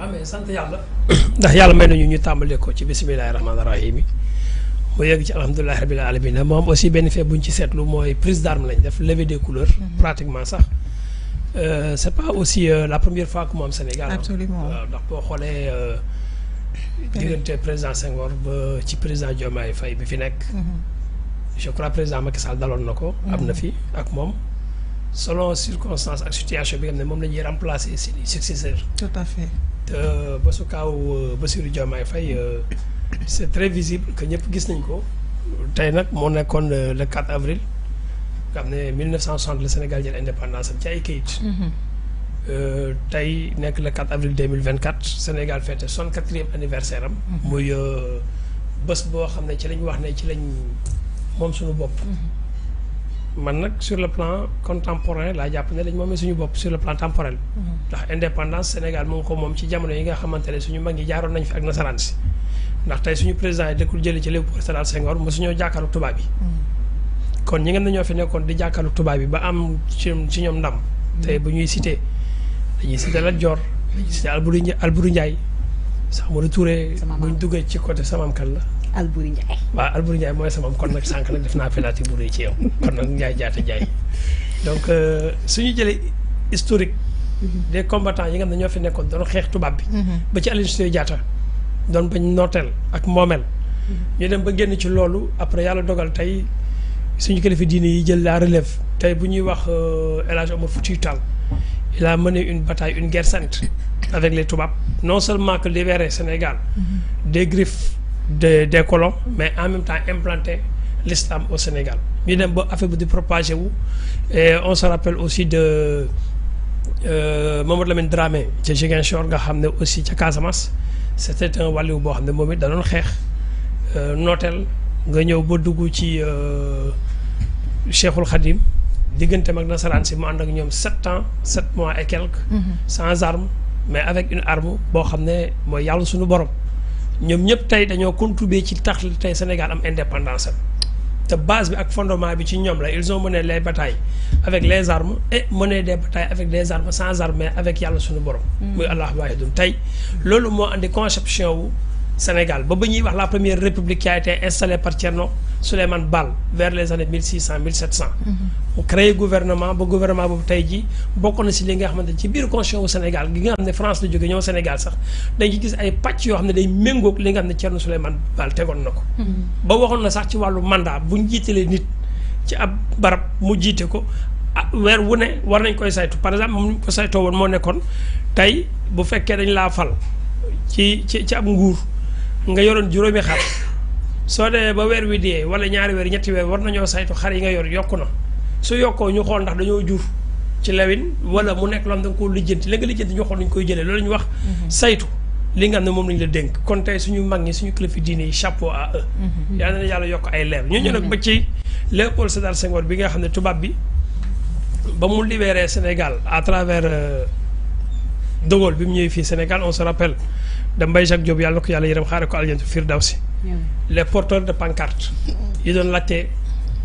amee sant yàlla ndax yàlla may nañu ñu tàmbalee ko ci bisimilahi rahmaani rahim yi mu yegg ci alhamdulilahi rabil alamin moom aussi benn fait bu ñu ci seetlu mooy prise d'armes lañ def levée des couleurs mhm. pratiquement sax euh, c'est pas aussi euh, la première fois que mu am Sénégal absolument waaw ndax boo xoolee euh, diggante président Senghor ba ci président Diomaye Faye bi fi nekk mhm. je crois président Macky Sall daloon na ko am na mhm. fi ak moom selon circonstances ak situation bi nga xam ne moom la ñuy remplacer successeur. tout à fait. te ba su kaaw euh, Bassirou fay Faye euh, c'est très visible que ñëpp gis nañ ko. tey nag moo nekkoon euh, le 4 avril nga xam ne 1960 le Sénégal jël indépendance ci ay kayit. Mm-hmm. tey nekk le 4 avril 2024 Sénégal fête son quatrième anniversaire am. Mm-hmm. muy bés boo xam ne ci lañ wax ne ci lañ moom suñu bopp. Mm-hmm. man nag sur le plan contemporain laa jàpp ne dañ moomee suñu bopp sur le plan temporel. ndax indépendance Sénégal moom ko moom ci jamono yi nga xamante ne suñu mag yi jaaroon nañ fi ak nasaraan si ndax tey suñu président yi dëkkul jëli ci Léopold Sédar Senghor mosuñoo jàkkaaru tubaab yi. kon ñi ngeen ñoo fi nekkoon di jàkkaaru tubaab yi ba am ci ñoom ndam. tey bu ñuy cité dañuy cité Lat Dior dañuy cité Alboury Alboury Ndiaye sax Modou Touré. buñ duggee ci côté Samaam kan la. Albouri Ndiaye. waaw Albouri Ndiaye mooy sama kon nak sank nag def naa penalty ci yow kon nak Ndiaye jaata Ndiaye donc euh, suñu jëlé historique. Mhm. des combattants yi nga xam ñoo fi nekkoon doon xex tubab bi. Mhm. ba ci Aline Sitoé jaata doon bañ notel ak momel mhm. ñu dem ba génn ci loolu après yàlla dogal tey suñu kilifa diine yi jël la relève tey bu ñuy wax euh, El Hadj Omar Foutiyou Tall il a mené une bataille une guerre sainte avec les tubab non seulement que libérer Sénégal des griffes des des colons mais en même temps implanter l'islam au Sénégal ñu dem ba affaire bi di et on se rappelle aussi de euh, Mamadou Lamine Dramé ca Ziguinchor nga xam ne aussi ca Casamance c'était un Wali boo xam ne moom it da doon xeex euh, nooteel nga ñëw ba dugg ci euh, Cheikhul Khadim Diganté mag nasaraan si moi ànd ak ñoom sept ans sept mois et quelques mm-hmm. sans armes, mais avec une arme boo xam ne mooy yàlla suñu borom ñoom ñëpp tey dañoo contribuer ci tax tey Sénégal am indépendance am te base bi ak fondement bi ci ñoom la ils ont mënee les batailles avec les armes et mené des batailles avec des armes sans armes mais avec yàlla suñu borom. Mm. muy allah waahidun tey loolu moo andi conception wu. Sénégal ba ba wax la première république qui a été installée par Thierno Souleymane Baal vers les années 1600 1700. mu créé gouvernement ba gouvernement boobu tey jii bokk na si li nga xamante ci biir constitution wu Sénégal gi nga xam ne France la jóge ñëw Sénégal sax dañ ci gis ay pàcc yoo xam ne day méngóog li nga xam ne Thierno Souleymane Baal tegoon na ko. Mhm. ba waxoon na sax ci wàllu mandat bu ñu jiitalee nit ci ab barab mu jiite ko. ah weer wu ne war nañ koy saytu par exemple moom ñu ko saytoo woon moo nekkoon tey bu fekkee dañ laa fal ci ci ci ab nguur nga yoroon juróomi xar soo demee ba weer wi dee wala ñaari weer ñetti weer war nañoo saytu xar yi nga yor yokk na su yokkoo ñu xool ndax dañoo juuf ci lawin wala mu nekk loo xam ko lijjanti la nga lijjanti ñu xool dañu koy jële loolu ñu wax mhm. saytu li nga xam ne moom lañ la dénk kon tey suñu mag ñi suñu kilifa diine yi chapeau à eux mhm. yal na yàlla yokk ay leer ñu ñu nag mhm. ba ci Léopold Sédar Senghor bi nga xam ne tubaab bi ba mu libéré Sénégal à travers euh, De bi mu ñëwee fii Sénégal on da Mbaye Jacques job yàlla na ko yàlla yërëm xaaral ko aljanna firdawsi les porteurs de pancarte yi doon laajte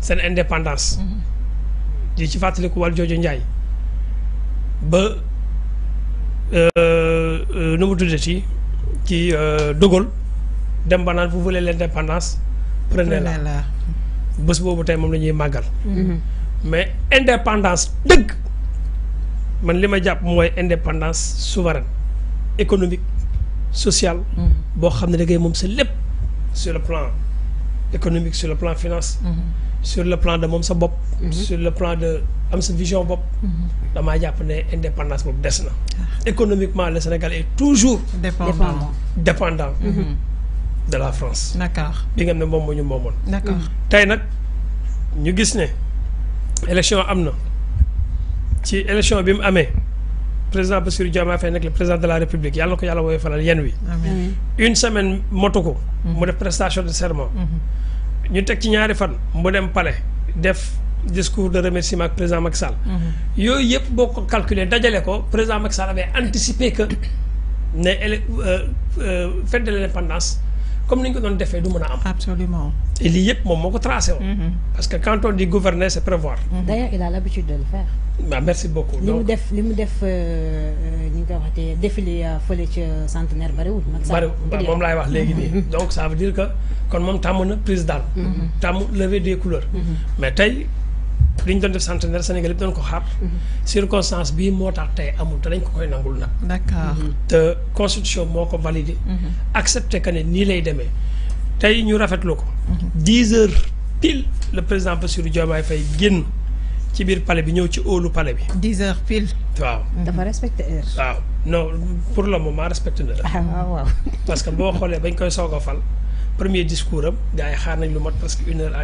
seen indépendance mhm. di ci fàttaliku wàllu jooju Njaay ba euh, euh, nu mu tuddati ci euh, De Gaulle dem ba naan vous voulez l'indépendance prenez bés boobu tey moom la ñuy màggal mhm. mais indépendance dëgg man li ma jàpp mooy indépendance souveraine économique social, mm-hmm. boo xam sur le plan économique sur le plan finance. Mm-hmm. sur le plan de moom sa mm-hmm. sur le plan de am sa vision Bob damaa jàpp ne indépendance boobu des ah. économiquement le Sénégal est toujours. dépendant dépendant. de la France. d'accord bi nga xam ne moom ñu moomoon. d'accord tay nak ñu gis ne élection amna ci élection bi mu président le président de la république yalla ko une semaine motoko, mm-hmm. prestation de serment mm-hmm. ñu tek ci ñaari fan dem palais def discours de remerciement président Macky Sall mm-hmm. a ko président Macky avait anticipé que la euh, euh, fête de l'indépendance comme nous avons fait, tout le du absolument Il y a mon moo ko mm-hmm. parce que quand on dit gouverner c'est prévoir. Mm-hmm. d'ailleurs il a l'habitude de le faire. Bah, merci beaucoup. li mu def li mu def ñu euh, euh, nga euh, centenaire bariwul. bariwul bah, moom laay wax mm-hmm. donc ça veut dire que kon moom tàmm na prise d'armes. tàmm lever des couleurs. mais tey. li ñu doon def centenaire Sénégal yëpp doon ko xaar. Mhm. circonstance bi moo tax tey amul te dañ ko koy nangul nag. d'accord mhm. te constitution moo ko validé. Mhm. accepté que ne nii lay demee. tey ñu rafetlu ko. 10 heures pile le président Bassirou Diomaye Faye génn ci biir pale bi ñëw ci óolu pale bi. 10 heures pile. waaw dafa respecté heure. waaw non pour le moment respecté na la. Ah, waaw waaw. parce que boo xoolee bañ koy soog fal premier discours am gars yi xaar nañ lu mat presque une heure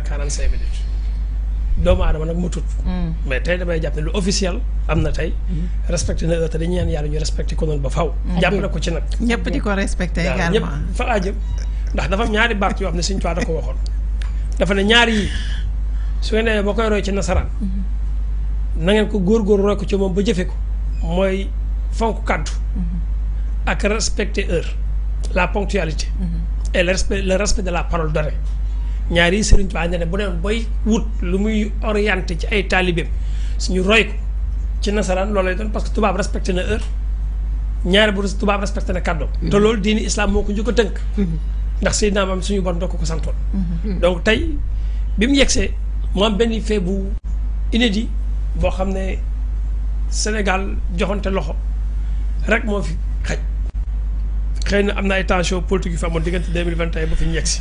doomu aadama nag mu tut mm. mais tey damay jàpp ne lu officiel am na tey. Mm-hmm. respecté na te dañu ñaan yàlla ñu respecté ko noonu ba faw mm-hmm. jàpp na ko ci nag. ñëpp di ko respecté également ñëpp fa laa ndax dafa ñaari baat yoo am ne suñ Tuubaa da ko waxoon. dafa ne ñaari yi su ngeen demee boo koy roy ci nasaraan. Mm-hmm. na ngeen ko góorgóor roy ko ci moom ba jëfe ko. mooy fonk kàddu. ak respecter heure. la ponctualité. et le respect le respect de la parole donnée. ñaari Serigne Touba ne ne bu doon booy wut lu muy orienté ci ay taalibeem suñu roy ko ci nasaraan loolu lay doon parce que tubaab respecté na heure ñaari bu tubaab respecté na kàddoom. Mm-hmm. te loolu diini islam moo ko njëkk tënk. Mm-hmm. ndax Seydina moom suñu borom doo ko ko santoon. Mm-hmm. donc tey bi mu yegsee mu am benn fait bu inédit boo xam ne Sénégal joxante loxo rek moo fi xaj xëy na am na ay tension politique yu amoon diggante deux mille vingt et un fi ñu yegsi.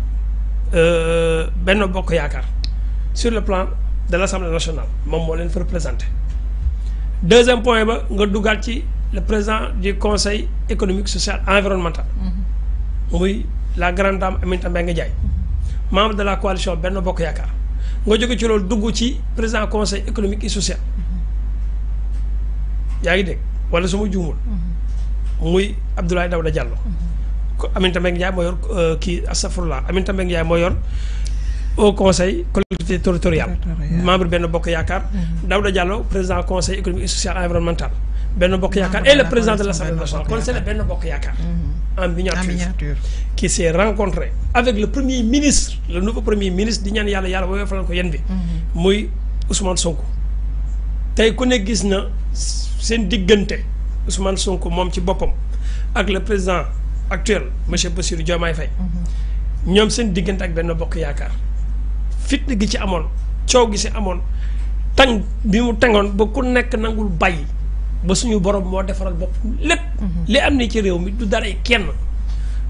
Euh, benn Bokk Yaakaar sur le plan de l'Assemblée nationale moom moo leen fa représenté deuxième point ba nga dugaat ci le président du conseil économique social environnemental mm-hmm. muy la grande dame Aminata Mbengue Ndiaye membre de la coalition benn Bokk Yaakaar nga jóge ci loolu dugg ci président conseil économique et social mm-hmm. yaa ngi dégg wala su ma juumul mm-hmm. muy Abdoulaye Daouda Diallo Amin Mbengue Ndiaye moo yor euh, kii astafurlah Amin Mbengue yor au conseil collectivité territoriale membre Benno Bokk Yaakaar mm-hmm. Daouda Diallo président conseil économique et social environnemental Benno Bokk Yaakaar et le président de l'Assemblée nationale kon le conseil Bokk Yaakaar mm-hmm. en miniature qui s'est rencontré avec le premier ministre le nouveau premier ministre di ñaan yàlla yàlla woyoo ko yen bi mm-hmm. muy Ousmane Sonko tey ku ne gis na seen diggante Ousmane Sonko moom ci boppam ak le président actuel monsieur Bassirou Diomaye Faye ñoom seen diggante ak benn bokk yaakaar fitna gi ci amoon coow gi ci amoon tàng bi mu tangoon ba ku nekk nangul bàyyi ba suñu borom moo defaral bopp lépp mhm. li am na ci réew mi du daray kenn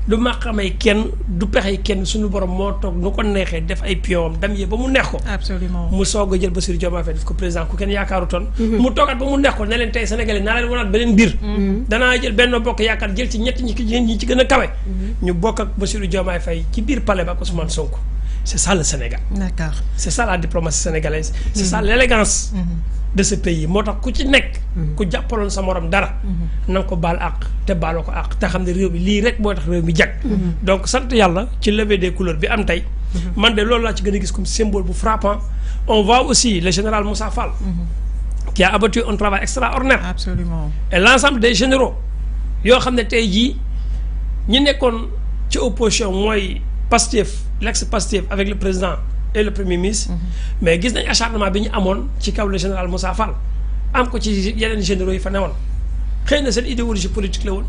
du màqamay kenn du pexey kenn suñu borom moo toog nu ko neexee def ay pion dam yee ba mu neex ko. mu soog a jël Bassirou Diomaye Faye def ko président ku kenn yaakaaru toon mhm. mu toogaat ba mu neex ko ne leen tey sénégalais naa leen wanaat beneen mbir. Mhm. danaa jël benn bokk yaakaar jël ci ñetti ñi ci gën a kawe. Mhm. ñu bokk ak Bassirou Diomaye Faye ci biir palais ba ak Ousmane Sonko. C'est ça le Sénégal. C'est ça la diplomatie sénégalaise. C'est ça mhm. l'élégance mhm. de ce pays. Moi, tax ku ci nekk. Mhm. ku jàppaloon sa morom dara. na ko baal àq te baaloo ko àq te xam ne réew mi lii rek moo tax mi donc sante yalla, ci lever des couleurs bi am tey. man de loolu laa ci gën comme symbole bu frappant. on voit aussi le général Moussa Fall. qui a abattu un travail extraordinaire. absolument et l'ensemble des généraux yoo xam ne tey jii ñi nekkoon ci opposition Pastef l'ex-Pastef avec le président et le premier ministre. Mhm. mais gis nañ acharnement bi ñu qui ci le général Moussa Fall. am ko ci yeneen généraux yi fa newoon Xeyna na idéologie politique la woon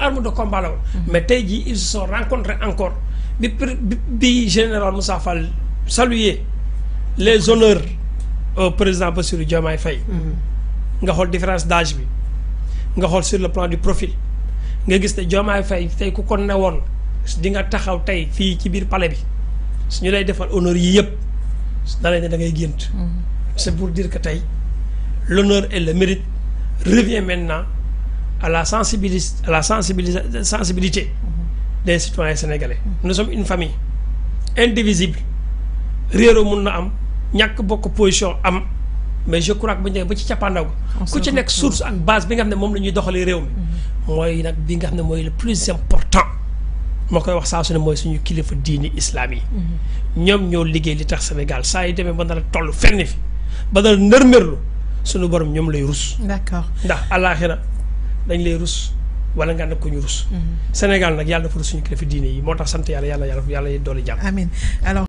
arme de combat mhm. mais aujourd'hui, ils se sont rencontrés encore bi général Moussa Fall saluer les honneurs au président Bassirou Diomaye Faye. Mhm. nga xol différence d'âge bi nga xol sur le plan du profil nga gis ne Diomaye Faye tay ku ko newoon di nga taxaw tay fii ci biir palais bi suñu lay defal honneur yi yëpp da lay ne da ngay gént. Mm-hmm. c'est pour dire que tey l'honneur et le mérite revient maintenant à la sensibilis à la sensibilité mm-hmm. des citoyens sénégalais. Mm-hmm. nous sommes une famille indivisible réeroo mun na am ñàkk bokk position am mais je crois que bu ñu ba ci cappaandaw ku ci nekk source ak base bi nga xam ne moom la ñuy doxalee réew mi. mooy nag bi nga xam ne mooy le plus important. moo koy wax saa su ne mooy suñu kilifa diini islaam yi. ñoom ñoo liggéey li tax Sénégal saa yi demee ba nar a toll fenn fi ba nar a nërmërlu suñu borom ñoom lay rus. d'accord ndax àllaaxira dañ lay rus wala nga ne ko ñu rus. Mhm. Sénégal nag yàlla dafa rus suñu kilifa diini yi moo tax sant yàlla yàlla yàlla yàlla doole jàmm. amiin alors.